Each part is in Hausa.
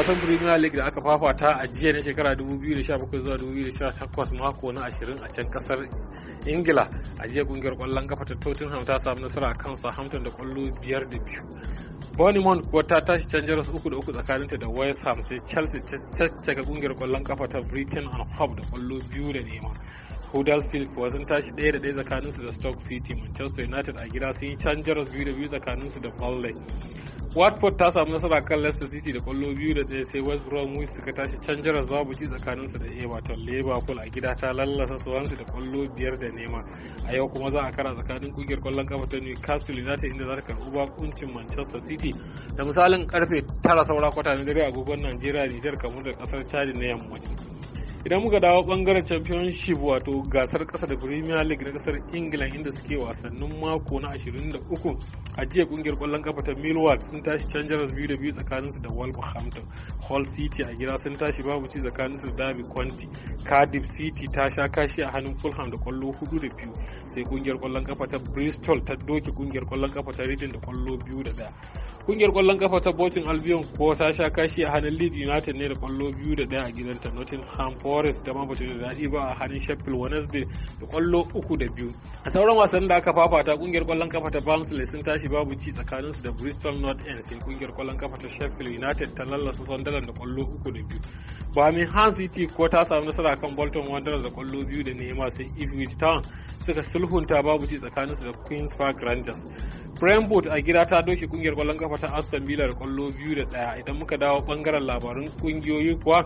gasar premier league da aka fafata a jiya na shekara 2017 zuwa 2018 mako na 20 a can kasar ingila a jiya kungiyar kwallon kafa ta tottenham ta samu nasara a kan southampton da kwallo biyar da biyu Bournemouth kuwa ta tashi canjar su uku da uku tsakaninta da West Ham sai Chelsea ta caka kungiyar kwallon kafa ta Britain and Hope da kwallo biyu da nema. Huddersfield kuwa sun tashi daya da ɗaya tsakaninsu da Stoke City Manchester United a gida sun yi can jaras biyu da biyu tsakaninsu da Burnley Watford ta samu nasara kan Leicester City da kwallo biyu da ɗaya sai West Bromwich suka tashi can jaras babu ci tsakaninsu da Everton Liverpool a gida ta lallasa sauransu da kwallo biyar da nema a yau kuma za a kara tsakanin kungiyar kwallon kafa ta Newcastle United inda za ta karɓi bakuncin Manchester City da misalin karfe tara saura kwata na dare agogon Najeriya Nijar kamar da kasar Chad na yammacin idan muka dawo bangaren championship wato gasar kasa da premier league na kasar england inda suke wasannin mako na 23 a jiya kungiyar kwallon kafa ta millwall sun tashi can jaras biyu da biyu su da wolverhampton hall city a gida sun tashi babu ci tsakaninsu da derby county cardiff city ta sha kashi a hannun fulham da kwallo hudu da biyu sai kungiyar kwallon kafa ta bristol ta doke kungiyar kwallon kafa ta reading da kwallo biyu da daya kungiyar kwallon kafa ta botin albion ko ta sha kashi a hannun leeds united ne da kwallo biyu da daya a gidanta nottingham forest da ma bata da daɗi ba a hannun sheffield wednesday da kwallo uku da biyu a sauran wasan da aka fafata kungiyar kwallon kafa ta barnsley sun tashi babu ci tsakanin su da bristol north end sai kungiyar kwallon kafa ta sheffield united ta lallasa sunderland da kwallo uku da biyu birmingham city ko ta samu nasara kan bolton wanderers da kwallo biyu da nema sai ipswich town suka sulhunta babu ci tsakanin su da queens park rangers Brentford a gida ta doke kungiyar kwallon kafa ta Aston Villa da kwallo biyu da daya idan muka dawo bangaren labarun kungiyoyi kuwa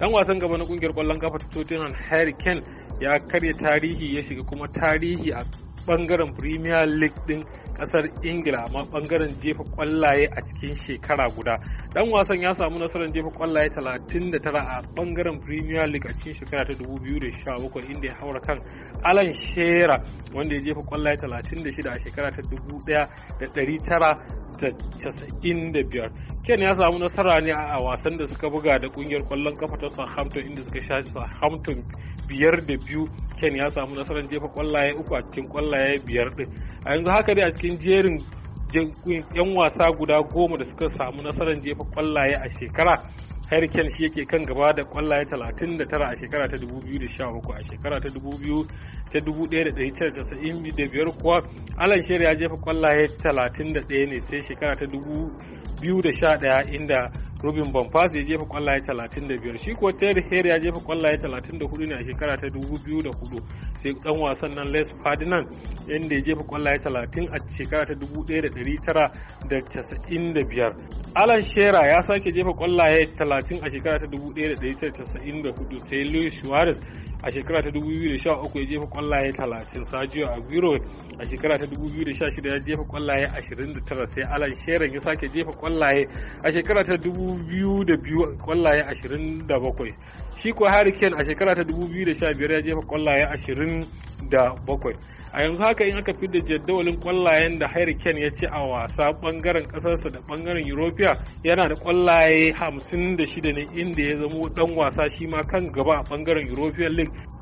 dan wasan gaba na kungiyar kwallon kafa ta Tottenham Harry Kane ya karya tarihi ya shiga kuma tarihi a bangaren premier league din kasar ingila amma bangaren jefa kwallaye a cikin shekara guda dan wasan ya samu nasarar jefa kwallaye 39 a bangaren premier league a cikin shekara ta 2017 inda ya haura kan alan shera wanda ya jefa kwallaye 36 a shekara ta 1900 95 ken ya samu nasara ne a wasan da suka buga da kungiyar kwallon kafa ta southampton inda suka sha southampton biyar da biyu ken ya samu nasarar jefa kwallaye uku a cikin kwallaye biyar din a yanzu haka dai a cikin jerin yan wasa guda goma da suka samu nasarar jefa kwallaye a shekara Harry Kane shi yake kan gaba da kwallaye 39 a shekara ta 2017 a shekara ta ta 1995 kuwa alan shearer ya jefa kwallaye 31 ne sai shekara ta 2011 inda rubin Bonfas ya jefa kwallaye 35 shi kuwa Terry Hare ya jefa kwallaye 34 ne a shekara ta 2004 sai dan wasan nan Les Ferdinand inda ya jefa kwallaye 30 a shekara ta 1995 Alan shera ya sake jefa kwallaye 30 a shekara ta 1994 sai louis Suarez a shekara ta 2013 ya jefa kwallaye 30 Sadio Aguero a shekara ta 2016 ya jefa kwallaye 29 sai alan sheran ya sake jefa kwallaye a shekara ta 2002 kwallaye 27 shi ko harry kane a shekara ta 2015 ya jefa kwallaye 27 a yanzu haka in aka fidda jadawalin kwallayen da harry kane ya ci a wasa bangaren kasarsa da bangaren europea yana da kwallaye 56 ne inda ya zamo dan wasa shi ma kan gaba a bangaren european league